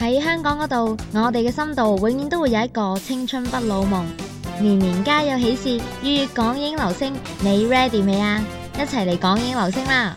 喺香港嗰度，我哋嘅心度永遠都會有一個青春不老夢，年年皆有喜事，月月港影流星，你 ready 未啊？一齊嚟港影流星啦！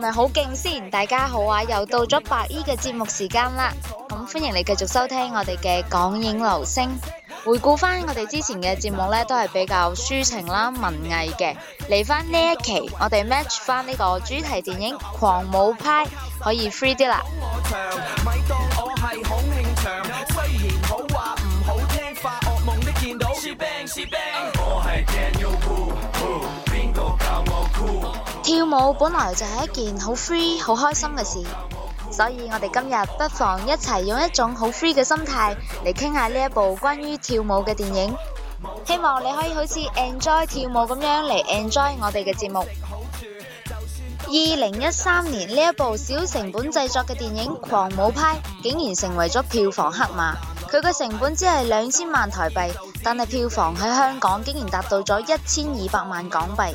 係咪好勁先！大家好啊，又到咗白衣嘅節目時間啦，咁歡迎你繼續收聽我哋嘅《港影流星》，回顧翻我哋之前嘅節目呢，都係比較抒情啦、文藝嘅。嚟翻呢一期，我哋 match 翻呢個主題電影《狂舞派》，可以 free 啲啦。Uh. 跳舞本來就係一件好 free、好開心嘅事，所以我哋今日不妨一齊用一種好 free 嘅心態嚟傾下呢一部關於跳舞嘅電影。希望你可以好似 enjoy 跳舞咁樣嚟 enjoy 我哋嘅節目。2013年呢一部小成本製作嘅電影《狂舞派》竟然成為咗票房黑馬，佢嘅成本只係兩千萬台幣，但係票房喺香港竟然達到咗一千二百萬港幣。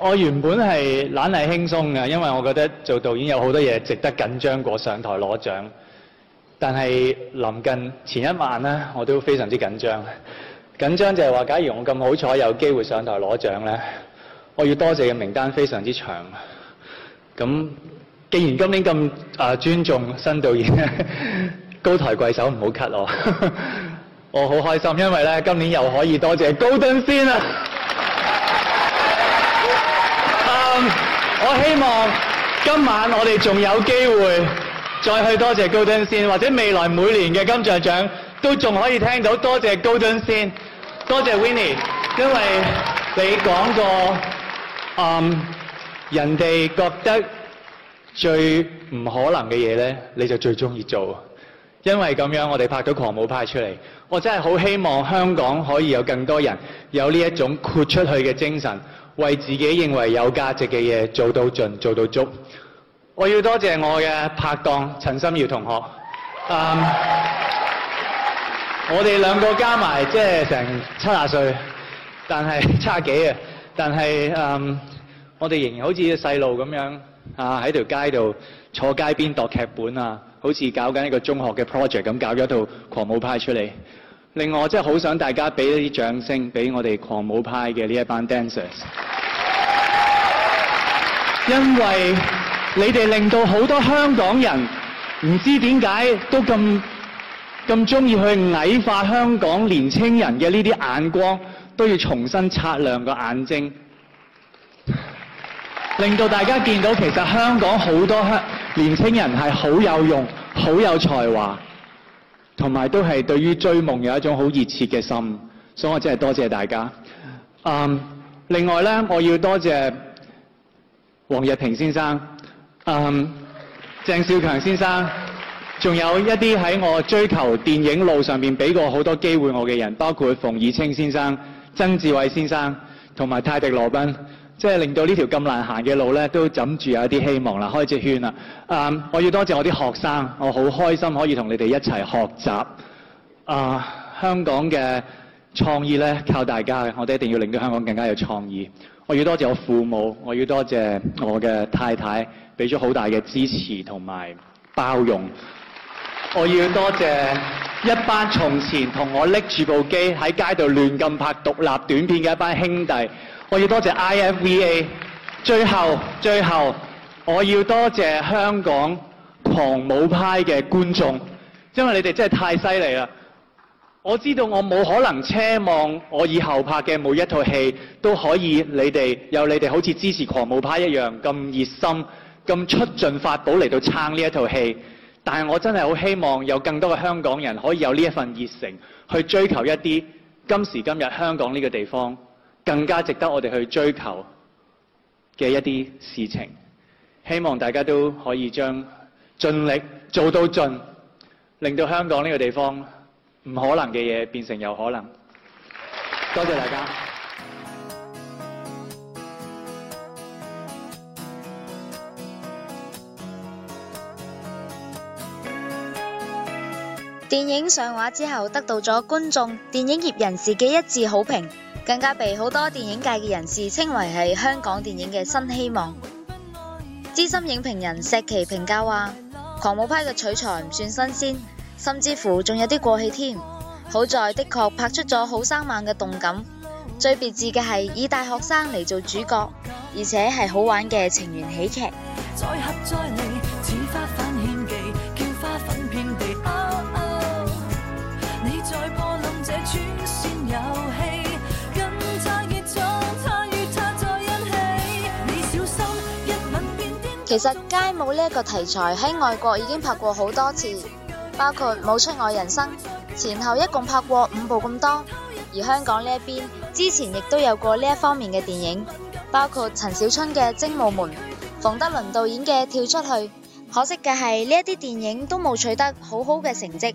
我原本係懶係輕鬆嘅，因為我覺得做導演有好多嘢值得緊張過上台攞獎。但係臨近前一晚呢，我都非常之緊張。緊張就係話，假如我咁好彩有機會上台攞獎呢，我要多謝嘅名單非常之長。咁既然今年咁啊、呃、尊重新導演，高抬貴手唔好 cut 我， 我好開心，因為呢今年又可以多謝高登先啊！我希望今晚我哋仲有機會再去多謝 Golden Scene 或者未來每年嘅金像獎都仲可以聽到多謝 Golden Scene 多謝 Winnie，因為你講過啊，um, 人哋覺得最唔可能嘅嘢咧，你就最中意做。因為咁樣，我哋拍到《狂舞派》出嚟，我真係好希望香港可以有更多人有呢一種豁出去嘅精神。為自己認為有價值嘅嘢做到盡，做到足。我要多謝我嘅拍檔陳心遙同學。Um, 我哋兩個加埋即係成七廿歲，但係差幾啊？但係、um, 我哋仍然好似細路咁樣啊，喺條街度坐街邊，度劇本啊，好似搞緊一個中學嘅 project 咁，搞咗套狂舞派出嚟。另外，我真係好想大家俾一啲掌聲俾我哋狂舞派嘅呢一班 dancers，因為你哋令到好多香港人唔知點解都咁咁中意去矮化香港年青人嘅呢啲眼光，都要重新擦亮個眼睛， 令到大家見到其實香港好多年青人係好有用、好有才華。同埋都係對於追夢有一種好熱切嘅心，所以我真係多謝大家。Um, 另外呢，我要多謝黃日平先生、um, 鄭少強先生，仲有一啲喺我追求電影路上面俾過好多機會我嘅人，包括馮以清先生、曾志偉先生，同埋泰迪羅賓。即係令到呢條咁難行嘅路呢，都枕住有一啲希望啦，開隻圈啦。啊、um,，我要多謝我啲學生，我好開心可以同你哋一齊學習。啊、uh,，香港嘅創意呢靠大家，我哋一定要令到香港更加有創意。我要多謝我父母，我要多謝我嘅太太，俾咗好大嘅支持同埋包容。 我要多謝一班從前同我拎住部機喺街度亂咁拍獨立短片嘅一班兄弟。我要多謝 IFVA，最後最後，我要多謝香港狂舞派嘅觀眾，因為你哋真係太犀利喇。我知道我冇可能奢望我以後拍嘅每一套戲都可以你哋有你哋好似支持狂舞派一樣咁熱心咁出盡法寶嚟到撐呢一套戲，但我真係好希望有更多嘅香港人可以有呢一份熱誠去追求一啲今時今日香港呢個地方，更加值得我哋去追求嘅一啲事情，希望大家都可以將盡力做到盡，令到香港呢個地方唔可能嘅嘢變成有可能。多謝大家。電影上畫之後得到咗觀眾、電影業人士嘅一致好評。更加被好多電影界嘅人士稱為係香港電影嘅新希望。資深影評人石琪評價話：狂舞派嘅取材唔算新鮮，甚至乎仲有啲過氣添。好在的確拍出咗好生猛嘅動感，最別致嘅係以大學生嚟做主角，而且係好玩嘅情緣喜劇。其實街舞呢一個題材喺外國已經拍過好多次，包括《舞出我人生》，前後一共拍過五部咁多。而香港呢一邊之前亦都有過呢一方面嘅電影，包括陳小春嘅《精舞門》，馮德倫導演嘅《跳出去》。可惜嘅係呢一啲電影都冇取得好好嘅成績。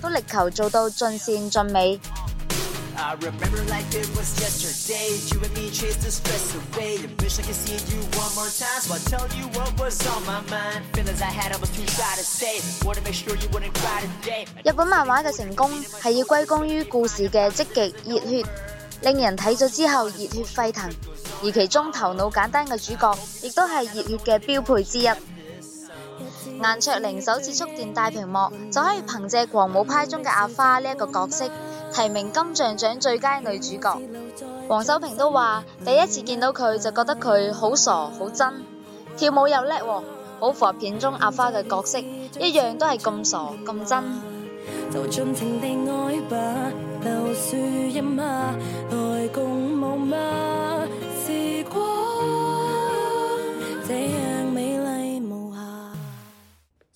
都力求做到盡善盡美。日本漫畫嘅成功係要歸功於故事嘅積極熱血，令人睇咗之後熱血沸騰，而其中頭腦簡單嘅主角亦都係熱血嘅標配之一。顏卓靈首次觸電大屏幕，就可以憑借《狂舞派》中嘅阿花呢一個角色，提名金像獎最佳女主角。黃修平都話：第一次見到佢，就覺得佢好傻好真，跳舞又叻喎，好符合片中阿花嘅角色，一樣都係咁傻咁真。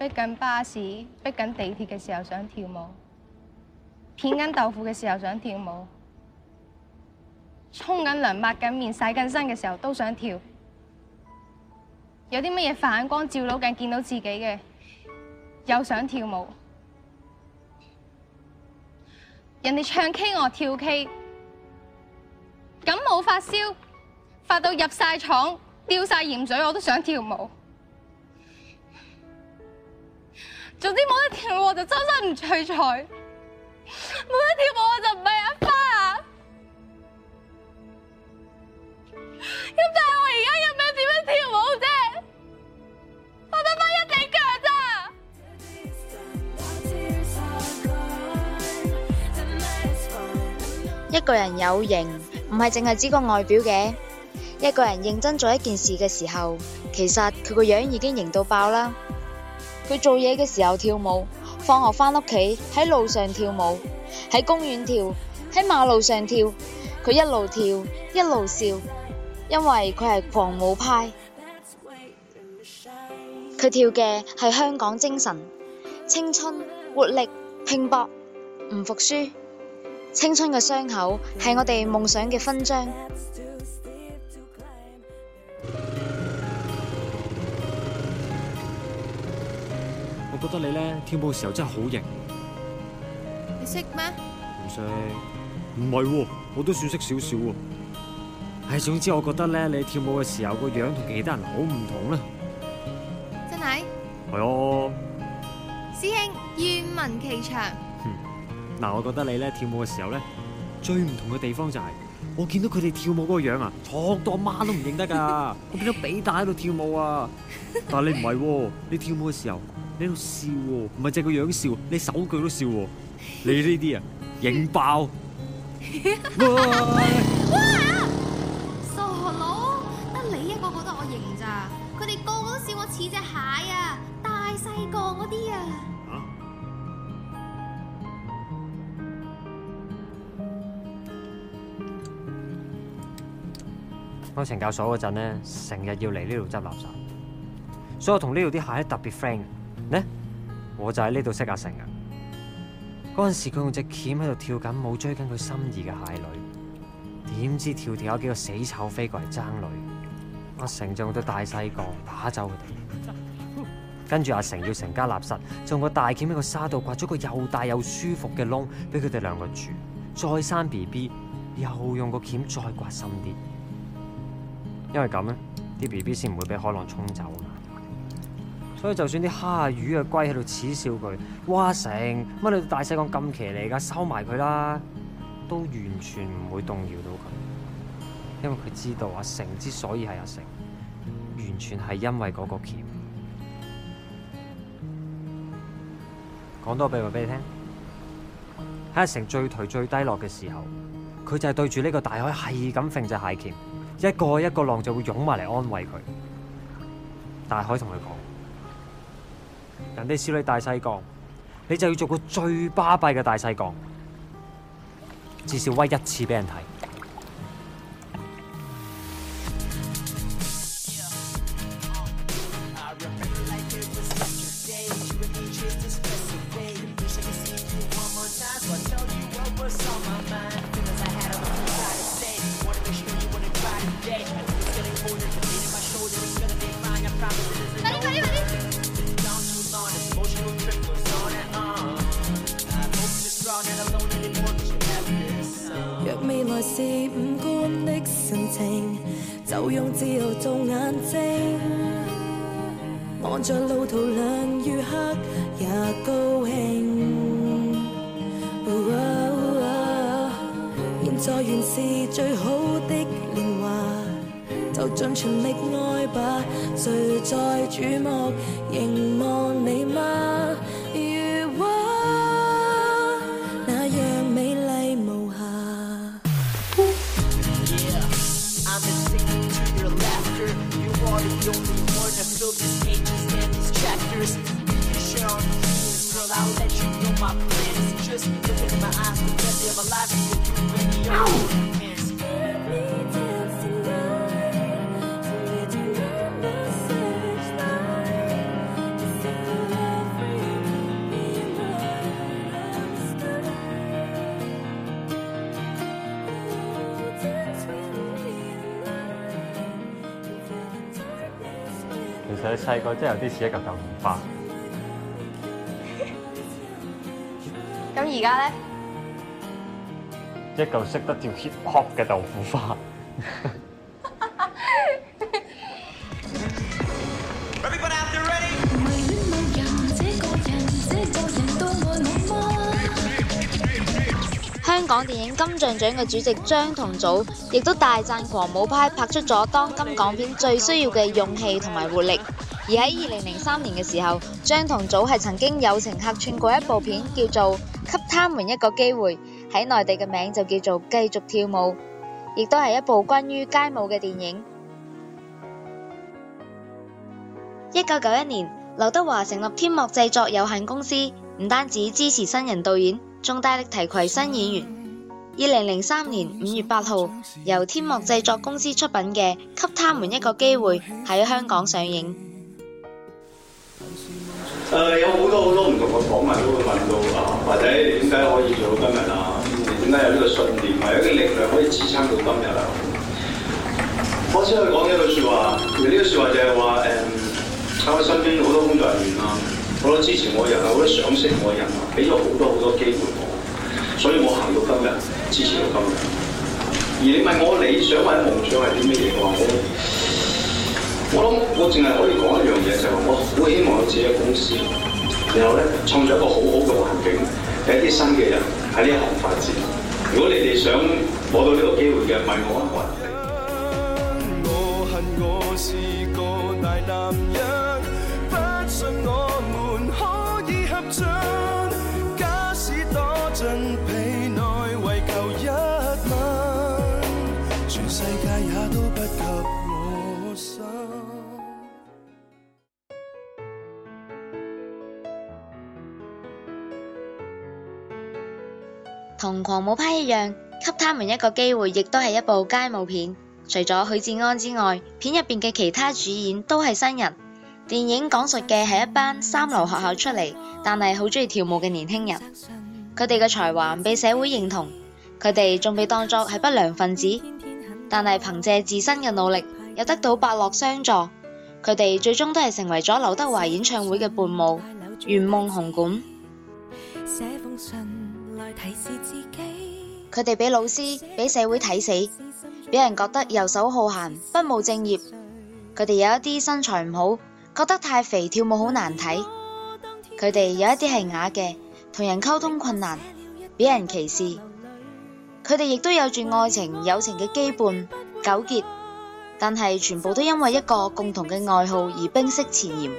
逼緊巴士、逼緊地鐵嘅時候想跳舞，片緊豆腐嘅時候想跳舞，沖緊涼、抹緊面、洗緊身嘅時候都想跳。有啲乜嘢反光、照老鏡、見到自己嘅，又想跳舞。人哋唱 K，我跳 K。感冒發燒，發到入晒廠，吊晒鹽水，我都想跳舞。.總之冇得跳舞我就真心唔聚財，冇得跳舞，跳舞我就唔係阿花。咁但係我而家有咩點樣跳舞啫？我得返一隻腳咋。一個人有型，唔係淨係個外表嘅。一個人認真做一件事嘅時候，其實佢個樣已經型到爆啦。佢做嘢嘅時候跳舞，放學翻屋企喺路上跳舞，喺公園跳，喺馬路上跳，佢一路跳，一路笑，因為佢係狂舞派，佢跳嘅係香港精神，青春、活力、拼搏、唔服輸，青春嘅傷口係我哋夢想嘅勳章。覺得你咧跳舞嘅時候真係好型。你識咩？唔識，唔係喎，我都算識少少喎。唉，總之我覺得咧，你跳舞嘅時候個樣同其他人好唔同啦。真係？係哦。師兄，願聞其詳。嗱， 我覺得你咧跳舞嘅時候咧，最唔同嘅地方就係，我見到佢哋跳舞嗰個樣啊，錯到阿媽都唔認得噶。 我見到比大喺度跳舞啊，但係你唔係喎，你跳舞嘅時候。你度笑喎，唔係淨個樣笑，你手腳都笑喎。你呢啲啊型爆傻佬，得你一個覺得我型咋？佢哋個個都笑我似隻蟹啊，大細個嗰啲啊。我懲教所嗰陣咧，成日要嚟呢度執垃圾，所以我同呢度啲蟹特別 friend。呢，我就喺呢度識阿成㗎。嗰陣時佢用隻鉗喺度跳緊舞，追緊佢心意嘅蟹女，點知跳跳有幾個死醜飛過嚟爭女。阿成仲要大細個打走佢哋。 跟住阿成要成家立室，就用個大鉗喺個沙度刮咗個又大又舒服嘅窿俾佢哋兩個住，再生 B B 又用個鉗再刮深啲，因為咁咧，啲 B B 先唔會俾海浪沖走。所以就算啲蝦啊、魚啊、龜喺度恥笑佢，哇！阿成，乜你大細講咁騎嚟㗎，收埋佢啦，都完全唔會動搖到佢，因為佢知道阿成之所以係阿成，完全係因為嗰個鉗。講多秘密俾你聽，喺阿成最頹最低落嘅時候，佢就係對住呢個大海係咁揈隻蟹鉗，一個一個浪就會湧埋嚟安慰佢。大海同佢講。人哋笑你大西槓，你就要做個最巴閉嘅大西槓，至少威一次俾人睇。就盡全力愛吧，誰在注目凝望你嗎？如畫那樣美麗無瑕。你細個真係有啲似一嚿豆腐花，咁而家咧，一嚿識得跳 hip hop 嘅豆腐花。 香港電影金像獎嘅主席張同祖亦都大讚《狂舞派》拍出咗當今港片最需要嘅勇氣同埋活力。而喺二零零三年嘅時候，張同祖係曾經友情客串過一部片，叫做《給他們一個機會》，喺內地嘅名就叫做《繼續跳舞》，亦都係一部關於街舞嘅電影。一九九一年，劉德華成立天幕製作有限公司，唔單止支持新人導演，仲大力提攜新演員。二零零三年五月八號，由天幕製作公司出品嘅《給他們一個機會》喺香港上映。誒、呃、有好多好多唔同嘅訪問都會問到啊，或者點解可以做到今日啊？點解有呢個信念啊？或者有啲力量可以支撐到今日啊？我先去講一句説話，而呢句説話就係話誒，我身邊好多工作人員啊，好多支持我嘅人，好多賞識我嘅人，俾咗好多好多機會我，所以我行到今日，支持到今日。而你問我理想或者夢想係啲乜嘢嘅話，我諗我淨係可以講一樣嘢，就係、是、我好希望有自己嘅公司然後咧創造一個很好好嘅環境俾一啲新嘅人喺呢一行發展。如果你哋想攞到呢個機會嘅問我一個人，我恨我是個大男人，不信我們可以合唱同狂舞派一樣，給他們一個機會，亦都係一部街舞片。除咗許志安之外，片入邊嘅其他主演都係新人。電影講述嘅係一班三流學校出嚟，但係好中意跳舞嘅年輕人。佢哋嘅才華不被社會認同，佢哋仲被當作係不良分子。但係憑借自身嘅努力，又得到伯樂相助，佢哋最終都係成為咗劉德華演唱會嘅伴舞，圓夢紅館。佢哋俾老師、俾社會睇死，俾人覺得游手好閒、不務正業。佢哋有一啲身材唔好，覺得太肥跳舞好難睇。佢哋有一啲係啞嘅，同人溝通困難，俾人歧視。佢哋亦都有住愛情、友情嘅羈絆、糾結，但係全部都因為一個共同嘅愛好而冰釋前嫌。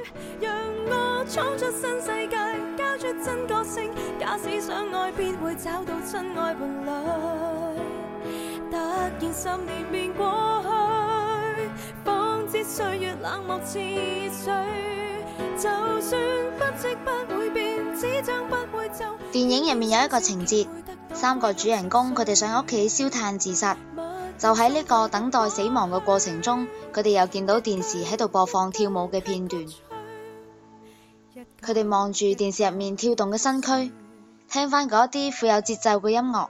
電影入面有一個情節，三個主人公佢哋上屋企燒炭自殺，就喺呢個等待死亡嘅過程中，佢哋又見到電視喺度播放跳舞嘅片段，佢哋望住電視入面跳動嘅身軀。聽翻嗰啲富有節奏嘅音樂，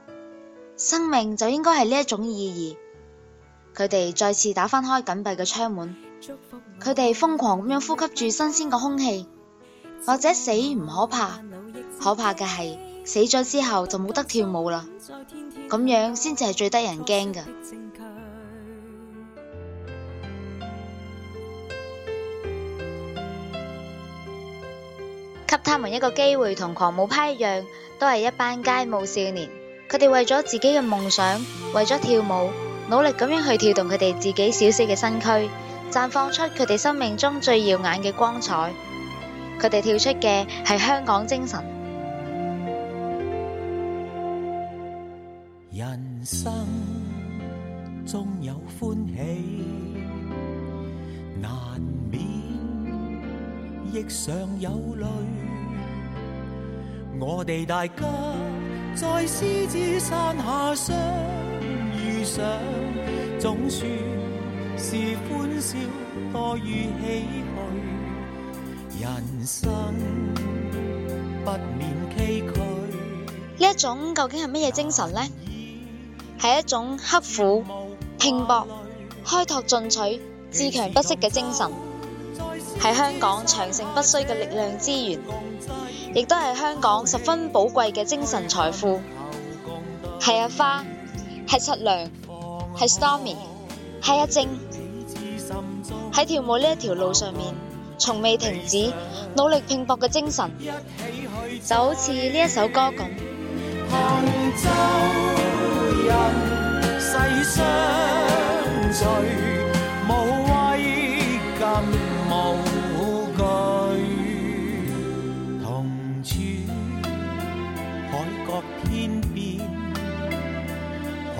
生命就應該係呢一種意義。佢哋再次打翻開緊閉嘅窗門，佢哋瘋狂咁樣呼吸住新鮮嘅空氣，或者死唔可怕，可怕嘅係，死咗之後就冇得跳舞啦，咁樣先至係最得人驚㗎。給他們一個機會，同狂舞派一樣，都係一班街舞少年。佢哋為咗自己嘅夢想，為咗跳舞，努力咁樣去跳動佢哋自己小小嘅身軀，綻放出佢哋生命中最耀眼嘅光彩。佢哋跳出嘅係香港精神。人生終有歡喜，亦常有淚，我哋大家在獅子山下相遇上，總算是歡笑多於唏噓。人生不免崎嶇。呢一種究竟係乜嘢精神呢？係一種刻苦、拼搏、開拓、進取、自強不息嘅精神。係香港長盛不衰嘅力量資源，亦都係香港十分寶貴嘅精神財富。係阿花，係七娘，係 Stormy，係阿靜，喺跳舞呢一條路上面，從未停止努力拼搏嘅精神，就好似呢一首歌咁。杭州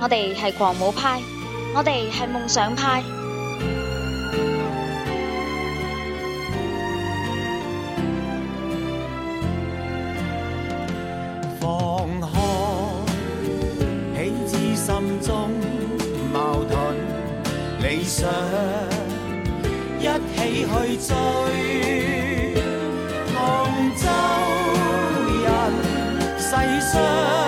我哋係狂舞派，我哋係夢想派。放開，彼此心中矛盾理想，一起去追。同舟人，世上。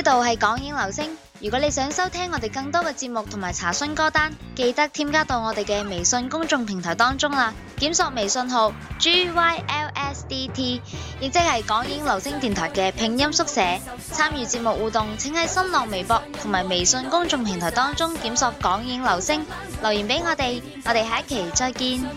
呢度係港影流星，如果你想收聽我哋更多嘅節目同埋查詢歌單，記得添加到我哋嘅微信公眾平台當中啦。檢索微信號 gylsdt，亦即係港影流星電台嘅拼音縮寫。參與節目互動，請喺新浪微博同埋微信公眾平台當中檢索港影流星，留言俾我哋。我哋下一期再見。